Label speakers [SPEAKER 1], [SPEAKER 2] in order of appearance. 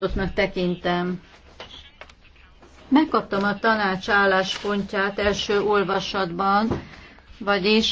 [SPEAKER 1] elfogadottnak tekintem. Megkaptam a tanács álláspontját első olvasatban, vagyis